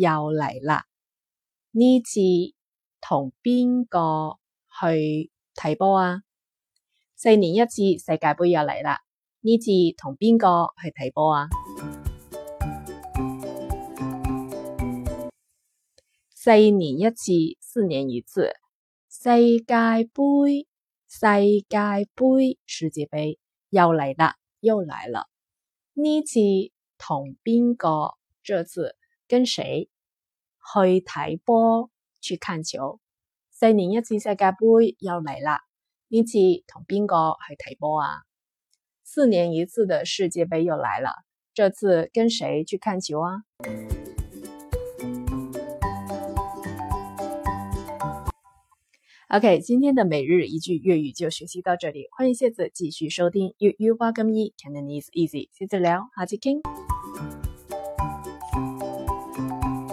又嚟嘞！呢次同邊個去睇波啊？四年一次世界杯又嚟嘞！呢次同邊個去睇波啊？四年一次，四年一次世界杯，世界杯，世界杯又嚟嘞！又嚟嘞！呢次同邊個？這次？跟誰去睇波去看球？四年一次世界杯又嚟啦！呢次同邊個去睇波啊？四年一次的世界杯又來了，這次跟誰去看球啊？OK，今天的每日一句粵語就學習到這裡，歡迎下次繼續收聽粵語發音，Cantonese is easy 謝子了，下次傾。